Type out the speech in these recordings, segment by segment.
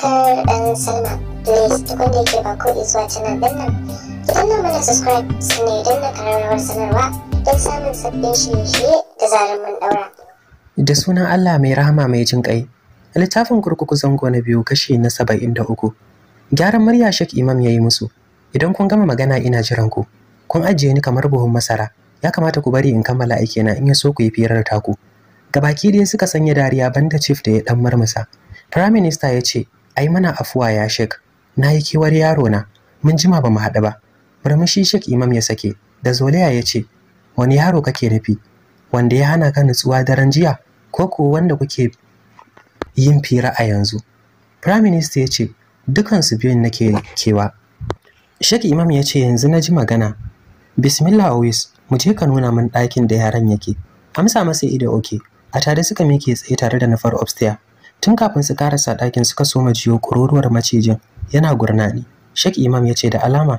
subscribe and sign up. Please da ba ko subscribe na kararrawar sanarwa don samun sabbin da sunan Allah mai rahama mai jin ƙai. Littafin kurkuku zango na biyu kashi na saba'in da uku. Gyaran murya Sheikh Imam ya yi musu. Idan kun gama magana ina jiran ku. Kun ajiye ni kamar buhun masara. Ya kamata ku bari in kammala aiki na in ya so ku yi firar taku. Gabaki ɗaya suka sanya dariya banda chief da ya ɗan marmasa. Prime Minister ya ce, ai mana afuwa ya shek na yi kewar yaro na mun jima ba mu haɗu ba murmushi shek imam ya sake da Zoliya ya ce wani yaro kake nufi wanda ya hana ka nutsuwa daren jiya ko ko wanda kuke yin fira a yanzu prime minister ya ce dukansu biyun nake kewa shek imam ya ce yanzu na ji magana bismillah always mu je ka nuna min ɗakin da yaran yake amsa masa ido oke a tare suka mike tsaye tare da nafar upstairs tun kafin su karasa ɗakin suka soma jiyo kururuwar macijin yana gurnani shek imam ya ce da alama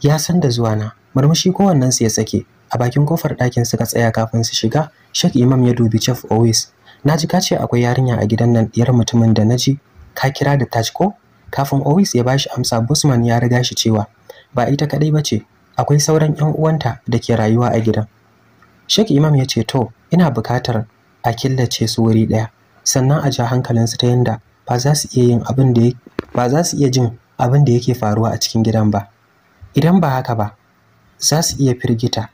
ya san da zuwa na murmushi kowannensu ya sake a bakin kofar ɗakin suka tsaya kafin su shiga shek imam ya dubi chef always na ji ka akwai yarinya a gidan nan ɗiyar mutumin da na ji ka kira da taj ko kafin always ya bashi amsa busman ya riga shi cewa ba ita kaɗai ba ce akwai sauran 'yan uwanta da ke rayuwa a gidan shek imam ya ce to ina buƙatar a killace su wuri ɗaya sannan a ja hankalinsu ta yadda ba za su iya su iya jin abin da yake faruwa a cikin gidan ba idan ba haka ba za su iya firgita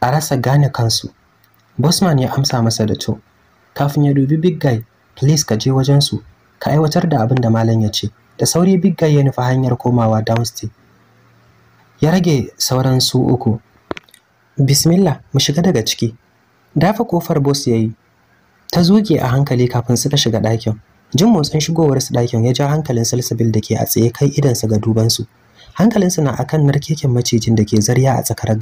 a rasa gane kansu bosman ya amsa masa da to kafin ya dubi big guy please ka je wajensu ka aiwatar da abin da malam ya ce da sauri big guy ya nufi hanyar komawa downstay ya rage sauran su uku bismillah mu shiga daga ciki dafa kofar boss ya yi ta zuke a hankali kafin suka shiga ɗakin jin motsin shigowar su ɗakin ya ja hankalin salsabil da ke a tsaye kai idansa ga dubansu su na akan narkeken macijin da ke zarya a tsakar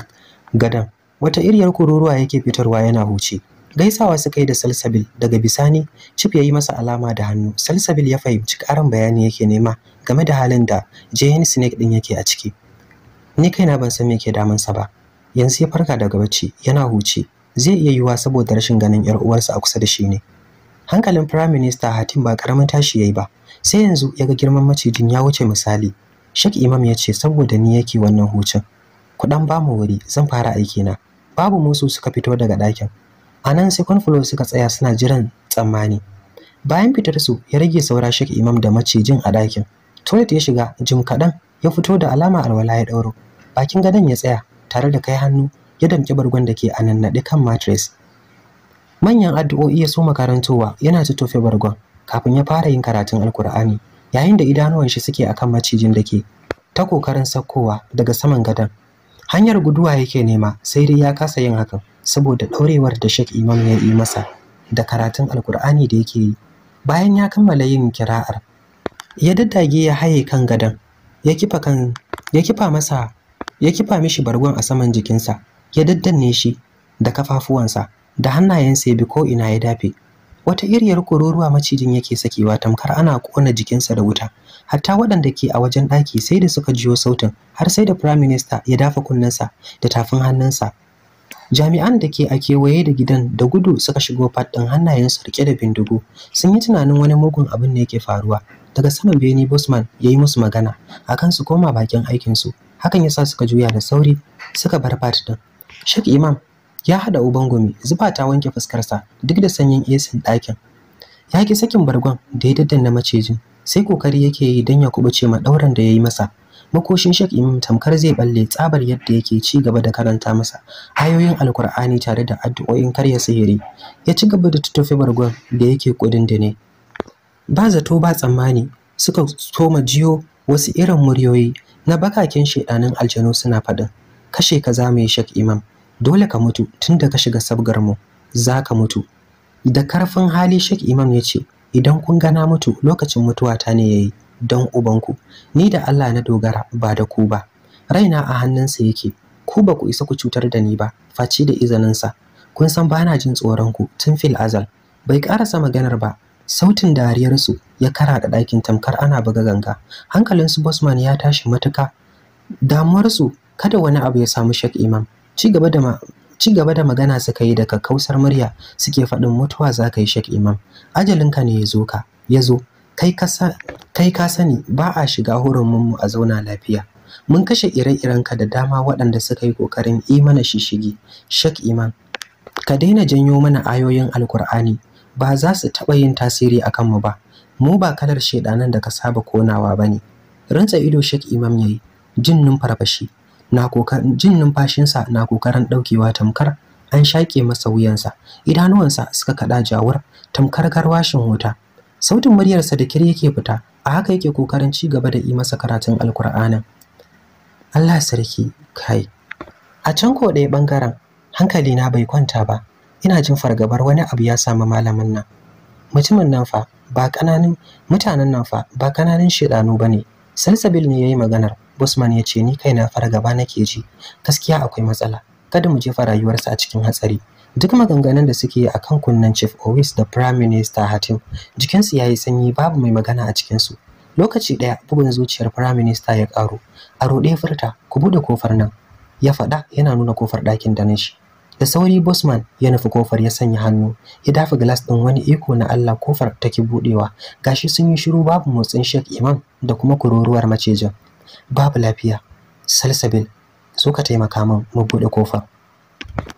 gadan wata iriyar kururuwa yake fitarwa yana huce gaisawa suka yi da salsabil daga bisani cif ya yi masa alama da hannu salsabil ya fahimci ƙarin bayani yake nema game da halin da jane snake ɗin yake a ciki ni kaina ban san me ke damunsa ba yanzu ya farka daga bacci yana huce zai iya yiwa saboda rashin ganin yar uwarsa a kusa da shi ne hankalin Firaminista minister hatim ba karamin tashi yayi ba sai yanzu ya ga girman macijin ya wuce misali shek imam ya ce saboda ni yake wannan hucin ku dan ba mu wuri zan fara aiki na babu musu suka fito daga ɗakin a nan sai flow suka tsaya suna jiran tsammani bayan fitar su ya rage saura shek imam da macijin a ɗakin toilet ya shiga jim kaɗan ya fito da alama alwala ya ɗauro bakin gadon ya tsaya tare da kai hannu ya damƙi bargon da ke a nannaɗe kan matres manyan addu'o'i ya soma karantowa yana tutofe bargon kafin ya fara yin karatun alkur'ani yayin da idanuwan shi suke akan macijin da ke ta kokarin sakkowa daga saman gadon hanyar guduwa yake nema sai dai ya kasa yin hakan saboda ɗaurewar da shek imam ya yi masa da karatun alkur'ani da yake yi bayan ya kammala yin kira'ar ya daddage ya haye kan gadon ya kifa ya kifa masa ya kifa mishi bargon a saman jikinsa ya daddanne shi da kafafuwansa da hannayensa ya bi ko ina ya dafe wata iriyar kururuwa macijin yake sakewa tamkar ana kona jikinsa da wuta hatta waɗanda ke a wajen ɗaki sai da suka jiyo sautin har sai da prime minister ya dafa kunnensa da tafin hannunsa jami'an da ke a kewaye da gidan da gudu suka shigo faɗin hannayensu rike da bindigo sun yi tunanin wani mugun abin ne yake faruwa daga saman beni bosman ya yi musu magana akan su koma bakin aikinsu hakan yasa suka juya da sauri suka bar ɗin. Shek Imam ya haɗa uban gumi zuba ta wanke fuskarsa duk da sanyin esin ɗakin. Ya ki sakin bargon da ya daddanna macejin, sai kokari yake yi don ya kubuce ma ɗauran da ya yi masa. Makoshin Shek Imam tamkar zai balle tsabar yadda yake ci gaba da karanta masa ayoyin Alkur'ani tare da addu'o'in karya sihiri. Ya ci gaba da tuttufe bargon da yake kudin da ne. Ba zato ba tsammani suka soma jiyo wasu irin muryoyi na bakakin shedanin aljanu suna faɗin kashe kaza mai Shek Imam. dole ka mutu tun da ka shiga sabgar mu za ka mutu da karfin hali Shek Imam ya ce idan kun gana mutu lokacin mutuwata ne ya yi don ubanku ni da Allah na dogara ba da ku ba raina a hannunsa yake ku ba ku isa ku cutar da ni ba face da izininsa kun san ba na jin tsoron ku tun fil azal bai karasa maganar ba sautin dariyarsu ya kara da ɗakin tamkar ana buga ganga Hankalin su bosman ya tashi matuka damuwarsu kada wani abu ya samu shek imam ci gaba da magana suka yi daga kausar murya suke faɗin mutuwa za ka yi shek imam ajalinka ne ya zo ka ya kai ka sani ba a shiga mun mu a zauna lafiya mun kashe ire-irenka da dama waɗanda suka yi ƙoƙarin yi mana shishigi shek imam ka daina janyo mana ayoyin alkur'ani ba za su taɓa yin tasiri a kanmu ba mu ba kalar shaidanan da ka saba konawa ba ne rantsa ido shek imam ya yi jin numfarfashi na kokarin jin numfashinsa na kokarin ɗaukewa tamkar an shaƙe masa wuyansa idanuwansa suka kaɗa jawar tamkar garwashin wuta sautin muryarsa da kir yake fita a haka yake kokarin ci gaba da yi masa karatun alkur'anin Allah sarki kai a can ko ɗaya ɓangaren na bai kwanta ba ina jin fargabar wani abu ya samu malamin nan mutumin nan fa ba ƙananan mutanen nan fa ba ne. shedanu bane salsabil ne yayi maganar Bosman ya ce ni kaina fargaba nake ji gaskiya akwai matsala kada mu jefa rayuwarsa a cikin hatsari duk maganganun da suke yi akan kunnen Chief Owis da Prime Minister Hatim jikinsu yayi sanyi babu mai magana a cikin su lokaci daya bugun zuciyar Prime Minister ya karo a rode furta ku bude kofar nan ya faɗa yana nuna kofar ɗakin da shi da sauri Bosman ya nufi kofar ya sanya hannu ya dafa glass din wani iko na Allah kofar take budewa gashi sun yi shiru babu motsin Sheikh Imam da kuma kururuwar macejin babu lafiya salsabil suka ka taimaka min mu buɗe kofar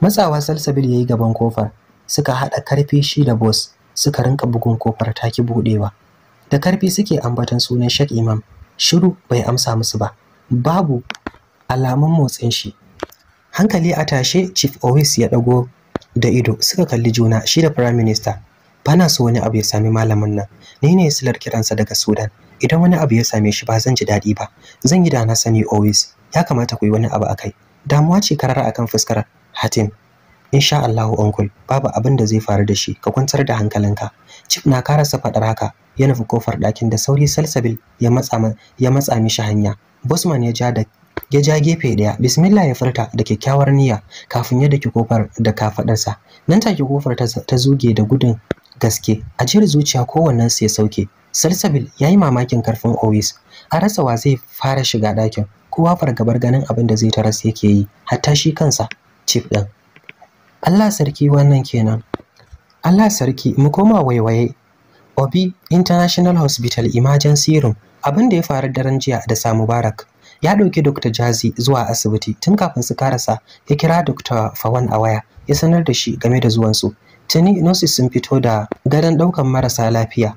matsawa salsabil ya yi gaban kofar suka haɗa karfi shi da boss suka rinka bugun kofar taki buɗewa da karfi suke ambatan sunan shek Imam shiru bai amsa musu ba babu alamun motsin shi hankali a tashe Chief Owis ya dago da ido suka kalli juna shi da Prime Minister bana so wani abu ya sami malamin nan ne ne silar kiransa daga Sudan idan wani abu ya same shi ba zan ji daɗi ba zan yi da na sani always ya kamata ku yi wani abu akai damuwa ce karara akan fuskar hatim insha Allah uncle babu abin da zai faru da shi ka kwantar da hankalinka chief na karasa fadar haka ya nufi kofar ɗakin da sauri salsabil ya matsa ya matsa mishi hanya bosman ya ja da ya ja gefe daya bismillah ya furta da kyakkyawar niyya kafin ya daki kofar da kafadarsa nan take kofar ta zuge da gudun gaske ajiyar zuciya kowannen su ya sauke salsabil ya yi mamakin karfin owis a rasa wa zai fara shiga ɗakin kowa fargabar ganin abin da zai ta taras yake yi hatta shi kansa cif ɗin allah sarki wannan kenan allah sarki mu koma waiwaye obi international hospital emergency room abin da ya faru daren jiya da sa mubarak ya ɗauki Dr. Jazi zuwa asibiti tun kafin su karasa ya kira Dr. Fawan a waya ya sanar da shi game da zuwansu. Tuni nurses sun fito da gadon ɗaukan marasa lafiya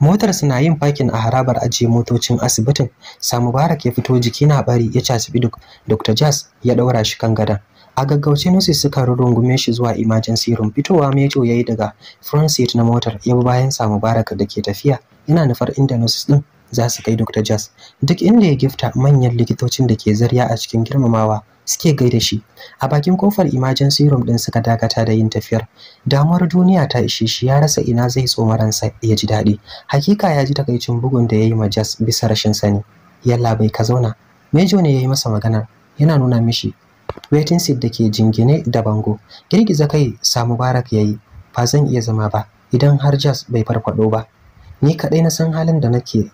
motar suna yin fakin a harabar ajiye motocin asibitin sa mubarak ya fito jiki na bari ya cacibi dr jazz ya daura shi kan gadon a gaggauce nurses suka rungume shi zuwa emergency room fitowa mejo yayi daga front seat na motar ya bi bayan sa mubarak da ke tafiya yana nufar inda nurses din za su kai dr jazz duk inda ya gifta manyan likitocin da ke zarya a cikin girmamawa suke gaida shi a bakin kofar emergency room din suka dakata da yin tafiyar damuwar duniya ta ishe shi ya rasa ina zai tsoma ransa ya ji daɗi hakika ya ji takaicin bugun da ya yi majas bisa rashin sani yalla bai ka zauna mejo ne ya yi masa magana. yana nuna mishi waiting seat da ke jingine da bango girgiza kai sa mubarak ya yi ba zan iya zama ba idan har jas bai farfado ba ni kaɗai na san halin da nake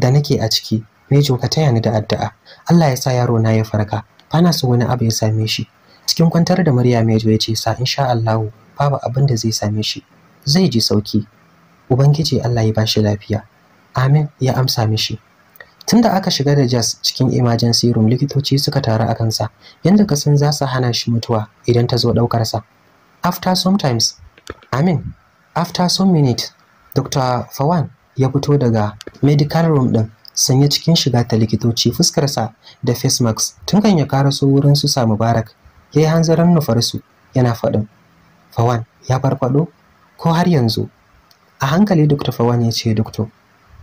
da nake a ciki mejo ka taya ni da addu'a Allah ya sa yaro na ya farka ana so wani abu ya same shi cikin kwantar da murya Mejo ya ce sa insha Allah babu abin da zai same shi zai ji sauki ubangiji Allah ya bashi lafiya amin ya amsa mishi tunda aka shiga da Jazz cikin emergency room likitoci suka taru a kansa yanda ka san za su hana shi mutuwa idan ta zo daukar sa after sometimes amin after some minutes Dr. Fawan ya fito daga medical room din Sanya cikin shiga ta likitoci fuskarsa da face mask tun kan ya kara su wurin su sa mubarak ya yi hanzarin nufar yana faɗin fawan ya farfaɗo ko har yanzu a hankali dr fawan ya ce doctor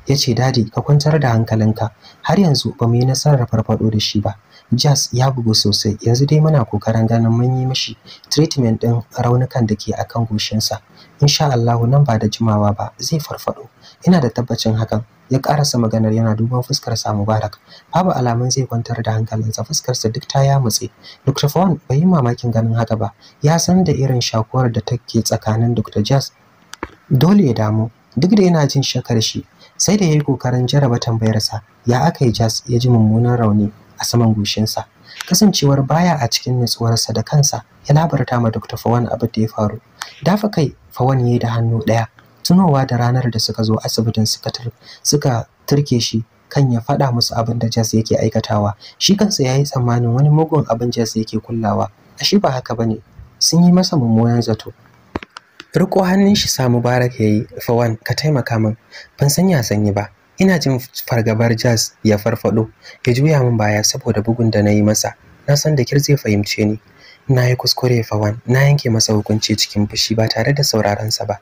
ya ce dadi ka kwantar da hankalinka har yanzu ba mu yi nasarar farfaɗo da shi ba Jaz ya bugu sosai yanzu dai muna kokarin ganin mun yi mishi treatment ɗin raunukan da ke akan goshinsa insha Allah nan ba da jimawa ba zai farfaɗo ina da tabbacin hakan ya karasa maganar yana duban fuskar sa mubarak babu alamun zai kwantar da hankalinsa fuskar sa duk ta yamutse dr fawon bai yi mamakin ganin haka ba ya san da irin shakuwar da take tsakanin dr jazz dole ya damu duk da yana jin shakar shi sai da ya yi kokarin jaraba tambayarsa ya aka yi jazz ya ji mummunan rauni a saman gushinsa. kasancewar baya a cikin nutsuwarsa da kansa ya labarta ma dr Fawon abin da ya faru dafa kai fawan ya da hannu ɗaya tunowa da ranar da suka zo asibitin suka suka turke shi kan ya faɗa musu abin da Jas yake aikatawa shi kansa yayi tsammanin wani mugun abin Jas yake kullawa ashe ba haka bane sun yi masa mummunan zato riko hannun shi sa Mubarak yayi fawan ka taimaka min ban san ya sanyi ba ina jin fargabar Jas ya farfado ya juya min baya saboda bugun da nayi masa na san da kir zai fahimce ni na yi kuskure fawan na yanke masa hukunci cikin fushi ba tare da sauraron sa ba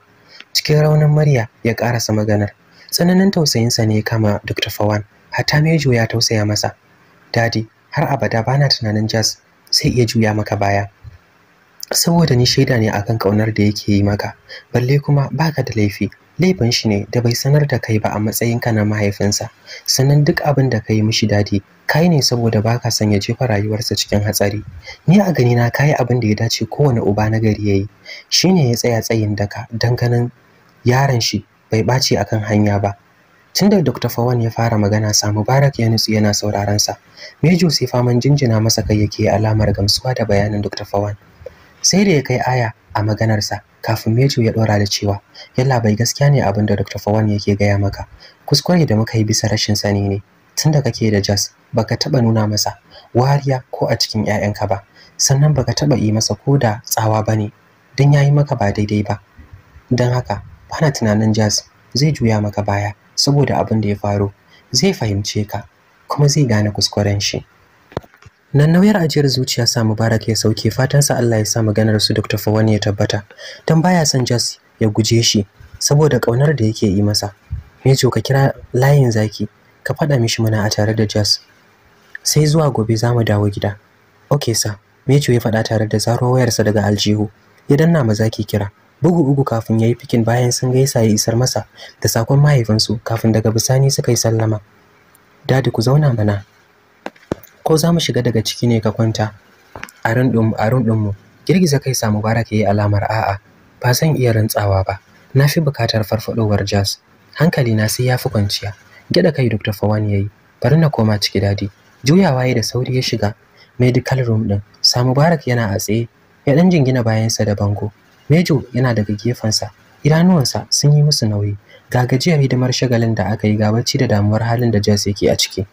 cikin raunin murya ya karasa maganar tsananin tausayinsa ne kama dr fawan hatta mejo ya tausaya masa dadi har abada bana tunanin jazz sai iya juya maka baya saboda ni shaida ne akan kaunar da yake yi maka balle kuma baka da laifi laifin shi ne da bai sanar da kai ba a matsayinka na mahaifinsa sannan duk abin da kai mishi dadi kai ne saboda baka son ya jefa rayuwarsa cikin hatsari ni a gani na kai abin da ya dace kowane uba na gari yayi shine ya tsaya tsayin daka dan ganin yaron shi bai ɓaci akan hanya ba tunda Dr. Fawan ya fara magana sa Mubarak ya nutsu yana sauraron sa Mejo sai faman jinjina masa kai yake alamar gamsuwa da bayanin Dr. Fawan sai da ya kai aya a maganar sa kafin Mejo ya dora da cewa yalla bai gaskiya ne abin da Dr. Fawan yake gaya maka kuskure da muka yi bisa rashin sani ne tunda kake da jazz baka taba nuna masa wariya ko a cikin 'ya'yanka ba sannan baka taba yi masa ko da tsawa bane dan yayi maka ba daidai ba dan haka bana tunanin jazz zai juya maka baya saboda abin da ya faru zai fahimce ka kuma zai gane kuskuren shi nan nauyar ajiyar zuciya sa Mubarak ya sauke fatan sa Allah ya sa maganar su Dr. Fawani ya tabbata dan baya son jazz ya guje shi saboda kaunar da yake yi masa Mejo ka kira layin zaki ka faɗa mishi muna a tare da jazz sai zuwa gobe za mu dawo gida okay sa Mejo ya faɗa tare da zaro wayarsa daga aljihu ya danna mazaki kira bugu ugu kafin ya yi fikin bayan sun gaisa ya isar masa da sakon mahaifinsu kafin daga bisani suka yi sallama dadi ku zauna mana ko za mu shiga daga ciki ne ka kwanta a rundunmu girgiza kai sa mubarak ya yi alamar a'a ba zan iya rantsawa ba na fi bukatar farfadowar jazz hankali na sai ya fi kwanciya gyada kai dr fawan ya yi bari na koma ciki dadi juyawa ya da sauri ya shiga medical room din sa mubarak yana a tsaye ya dan jingina bayansa da bango Mejo yana daga gefensa, idanuwansa sun yi musu nauyi, ga gajiyar hidimar shagalin da aka yi gabaci da damuwar halin da Jas yake a ciki.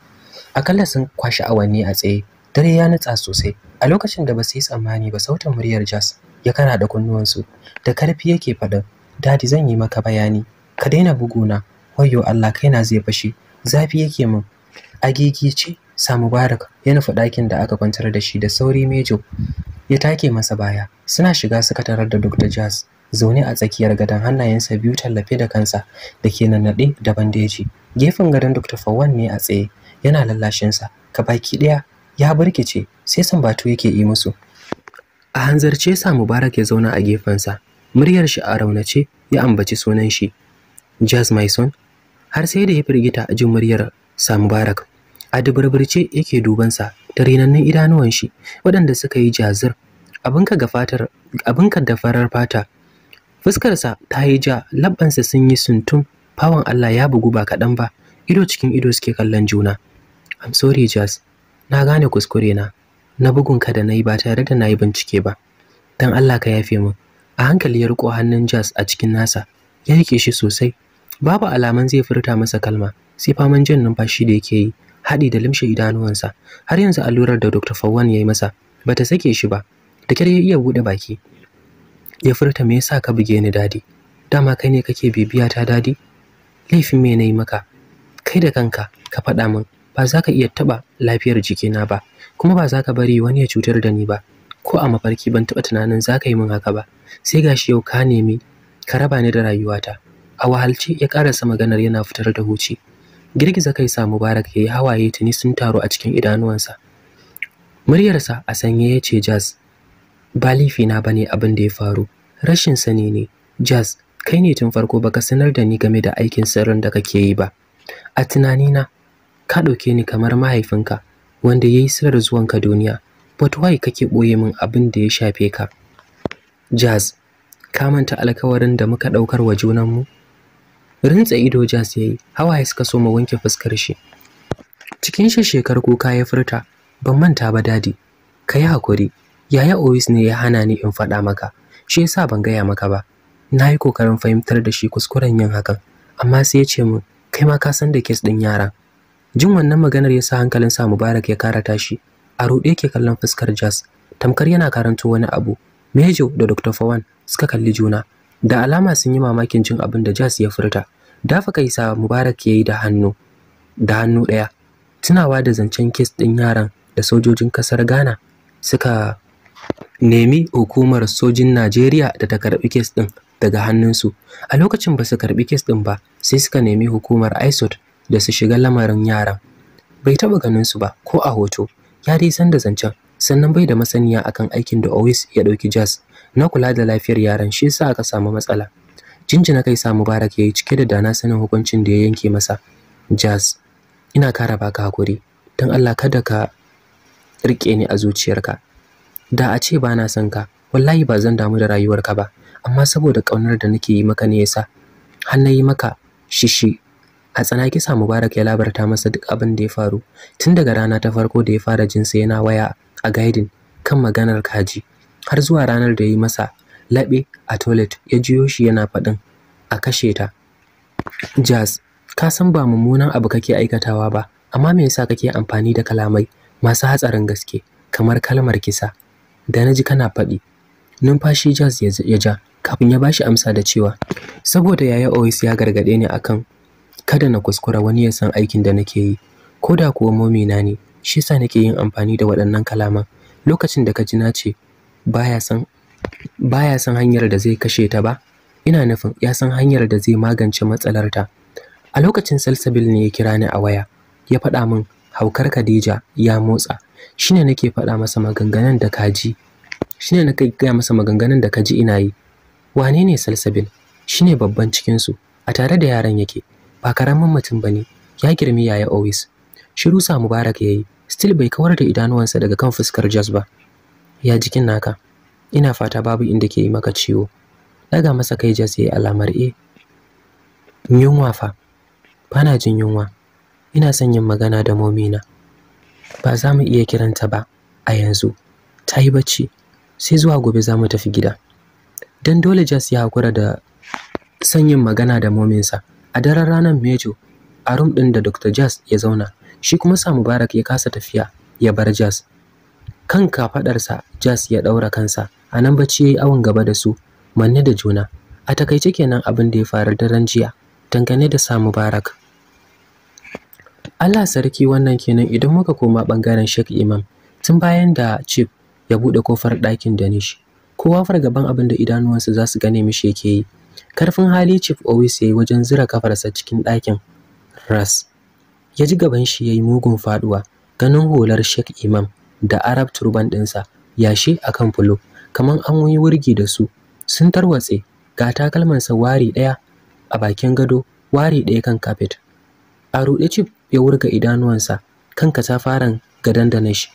Akalla sun kwashi awanni a tsaye, dare ya nutsa sosai. A lokacin da ba su yi tsammani ba sautin muryar Jas ya kana da kunnuwansu, da karfi yake faɗin, Dadi zan yi maka bayani, ka daina buguna, wayo Allah kaina zai fashe, zafi yake min. Agigi ce, sa Mubarak ya nufi ɗakin da aka kwantar da shi da sauri Mejo ya take masa baya suna shiga suka tarar da Dr. Jazz zaune a tsakiyar gadon hannayensa biyu tallafe da kansa da ke nannaɗe da bandeji gefen gadon Dr. Fawwan ne a tsaye yana lallashinsa ka baki ɗaya ya barkice sai sambatu yake yi musu a hanzarce sa Mubarak ya zauna a gefensa muryar shi a raunace ya ambaci sunan shi Jazz son, har sai da ya firgita a jin muryar sa Mubarak a duburburce yake dubansa da rinannun idanuwan shi waɗanda suka yi jazir abinka ga da farar fata fuskarsa ta yi ja labbansa sun yi suntum fawon Allah ya bugu ba kaɗan ba ido cikin ido suke kallon juna I'm sorry Jazz na gane kuskure na na bugun ka da nayi ba tare da na yi bincike ba dan Allah ka yafe mu a hankali ya riko hannun Jazz a cikin nasa ya rike shi sosai babu alaman zai furta masa kalma sai faman jin numfashi da yake yi haɗi da limshe idanuwansa har yanzu allurar da Dr. Fawwan ya yi masa Ba bata sake shi ba da kyar ya iya buɗe baki ya furta me yasa ka buge ni dadi dama kai ne kake bibiya ta dadi laifin me na yi maka kai da kanka ka faɗa min ba za ka iya taɓa lafiyar jikina ba kuma ba za ka bari wani ya cutar da ni ba ko a mafarki ban taɓa tunanin za ka yi min haka ba sai gashi yau ka nemi ka raba ni da rayuwata a wahalce ya ƙarasa maganar yana fitar da huci girgiza kai sa mubarak ya yi hawaye tuni sun taru a cikin idanuwansa muryarsa a sanye ya ce jazz ba ba ne abin da ya faru rashin sani ne jazz kai ne tun farko baka sanar da ni game da aikin sirrin da kake yi ba a tunanina ka ɗauke ni kamar mahaifinka wanda ya yi sirar zuwanka duniya but why kake ɓoye min abin da ya shafe ka jazz ka manta alkawarin da muka ɗaukar wa mu? rintsa ido jas yayi ya suka so ma wanke fuskar shi cikin shi shekar kuka ya furta ban manta ba dadi kai hakuri yaya ois ne ya hana ni in faɗa maka shi yasa ban gaya maka ba na yi kokarin fahimtar da shi kuskuren yin hakan amma sai ya ce min kai ma ka san da kes ɗin yara jin wannan maganar ya sa hankalin sa Mubarak ya kara tashi a ruɗe yake kallon fuskar Jas tamkar yana karanto wani abu Mejo da Dr. Fawan suka kalli juna da alama sun yi mamakin cin abin da jas ya furta Da dafa kaisa mubarak ya yi da hannu da hannu ɗaya tunawa da zancen kes ɗin yaran da sojojin ƙasar ghana suka nemi hukumar sojin najeriya da ta karɓi kes ɗin daga hannunsu a lokacin ba su karɓi kes ɗin ba sai suka nemi hukumar isot da su shiga lamarin yaran bai taɓa su ba ko a hoto ya dai san da zancen sannan bai da masaniya akan aikin da always ya ɗauki jazz na kula da lafiyar yaran shi yasa aka samu matsala jinjina kai sa mubarak ya yi cike da dana sanin hukuncin da ya yanke masa jazz ina kara baka hakuri dan allah kada ka rike ni a zuciyarka da a ce ba na son ka wallahi ba zan damu da rayuwarka ba amma saboda ƙaunar da nake yi maka ne yasa har na yi maka shishi a tsanaki sa mubarak ya labarta masa duk abin da ya faru tun daga rana ta farko da ya fara jinsa yana waya a gaidin kan maganar kaji har zuwa ranar da ya yi masa laɓe a toilet ya jiyo shi yana faɗin a kashe ta jazz ka san ba mummunan abu kake aikatawa ba amma me yasa kake amfani da kalamai masu hatsarin gaske kamar kalmar kisa da na ji kana faɗi numfashi jazz ya ja kafin ya bashi amsa da cewa saboda yaya Ois ya gargaɗe ni akan kada na kuskura wani ya san aikin da nake yi ko da kuwa momina ne shi yasa nake yin amfani da waɗannan kalaman lokacin da ka ji na ce baya san baya san hanyar da zai kashe ta ba ina nufin ya san hanyar da zai magance matsalar ta a lokacin salsabil ne ya kira ni a waya ya faɗa min haukar Khadija ya motsa shine nake faɗa masa maganganun da ka shine nake gaya masa maganganun da ji ina yi wane ne salsabil shine babban cikin su a tare da yaran yake ba karamin mutum bane ya girmi yaya always Shiru sa Mubarak ya yi, still bai kawar da idanuwansa daga kan fuskar Jas ba. Ya jikin naka, ina fata babu inda ke yi maka ciwo. Daga masa kai Jas ya yi alamar e. Yunwa fa, bana jin yunwa, ina son yin magana da momina. Ba za mu iya kiranta ba a yanzu, ta yi bacci, sai zuwa gobe za mu tafi gida. Don dole Jas ya hakura da son yin magana da mominsa. A daren ranar Mejo, a rum ɗin da Dr. Jas ya zauna, shi kuma sa mubarak ya kasa tafiya ya bar jas kan kafadarsa jas ya daura kansa a nan bacci yayi awon gaba da su manne da juna a takaice kenan abin da ya faru daren jiya dangane da sa mubarak Allah sarki wannan kenan idan muka koma bangaren Sheikh Imam tun bayan da Chief ya bude kofar ɗakin nishi, kowa fargaban abin da idanuwansa za su gane mishi yake yi karfin hali Chief Owis yayi wajen zira kafarsa cikin ɗakin Ras ya ji gaban shi ya yi mugun faduwa ganin hular Sheikh Imam da Arab turban ɗinsa yashi akan fulo kamar an yi wurgi da su sun tarwatse ga takalmansa wari ɗaya a bakin gado wari ɗaya kan kafet a ruɗe cif ya wurga idanuwansa kan katafaren gadon da na shi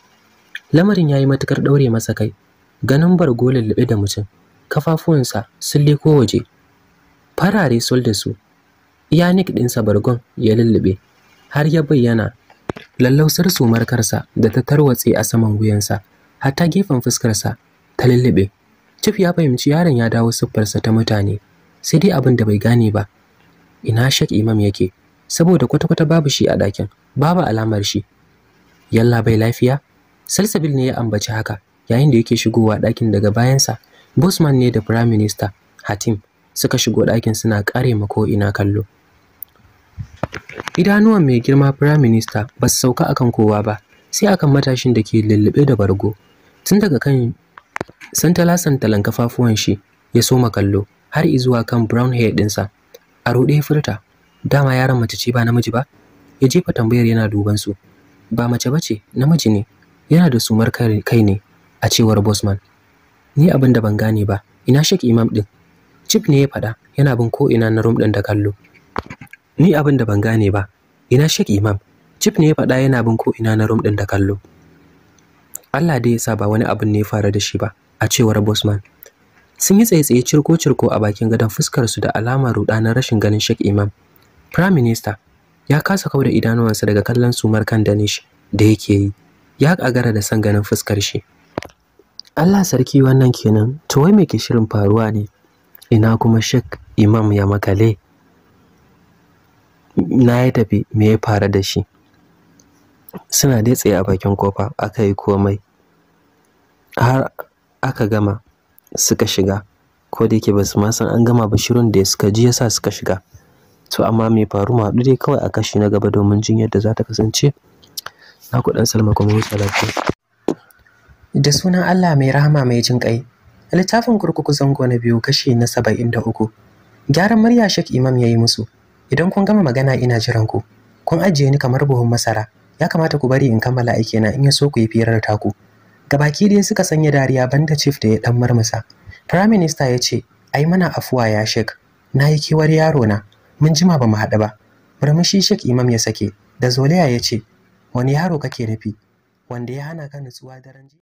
lamarin ya yi matukar ɗaure masa kai ganin bargo lulluɓe da mutum kafafuwansa sun leko waje farare sol da su iyanik ɗinsa bargon ya lullube har ya bayyana lallausar sumarkarsa da ta tarwatse a saman wuyansa hatta gefen fuskarsa ta lullube Cif ya fahimci yaron ya dawo siffarsa ta mutane sai dai abin da bai gane ba ina shak imam yake saboda kwata-kwata babu shi a ɗakin babu alamar shi yalla bai lafiya salsabil ne ya ambaci haka yayin da yake shigowa ɗakin daga bayansa bosman ne da prime minister hatim suka shigo ɗakin suna ƙare ma ko ina kallo Idanuwan mai girma Prime Minister ba su sauka akan kowa ba, sai akan matashin da ke lullube da bargo. Tun daga kan santala santalan kafafuwan shi ya soma kallo har izuwa kan brown hair dinsa A rude furta, dama yaron mace ce ba namiji ba? Ya jefa tambayar yana duban su. Ba mace bace namiji ne. Yana da sumar kai ne, a cewar Bosman. Ni abin da ban gane ba, ina shek imam ɗin. Chip ne ya faɗa, yana bin ko ina na rum ɗin da kallo. Ni abin da ban gane ba, ina shek Imam, Chip ne ya faɗa yana bin ko ina na rum ɗin da kallo. Allah dai ya sa ba wani abin ne ya fara da shi ba, a cewar Bosman. Sun yi tsaye-tsaye cirko-cirko a bakin gadon fuskarsu da alamar ruɗa na rashin ganin shek Imam. Prime Minister ya kasa kauda idanuwansa daga kallon sumar kan Danish da yake yi. Ya kagara da san ganin fuskar shi. Allah sarki wannan kenan, to wai me ke shirin faruwa ne? Ina kuma shek Imam ya makale? Na ya tafi me ya faru da shi suna dai tsaye a bakin kofa aka yi komai har aka gama suka shiga ko da yake ba su ma san an gama ba shirin da suka ji yasa suka shiga to amma mai faru ma haɗu dai kawai a kashi na gaba domin jin yadda za ta kasance na ku dan salma kuma wuce lafiya da sunan Allah mai rahama mai jin kai littafin kurkuku zango na biyu kashi na saba'in da uku gyaran murya shek imam ya yi musu idan kun gama magana ina jiran ku kun ajiye ni kamar buhun masara ya kamata ku bari in kammala aiki na in ya so ku yi firar taku gabaki dai suka sanya dariya banda chief da ya dan marmasa prime minister ya ce ai mana afuwa ya shek na yi kewar yaro na mun jima ba mu haɗu ba murmushi shek imam ya sake da zoliya ya ce wani yaro kake nufi wanda ya hana ka nutsuwa daren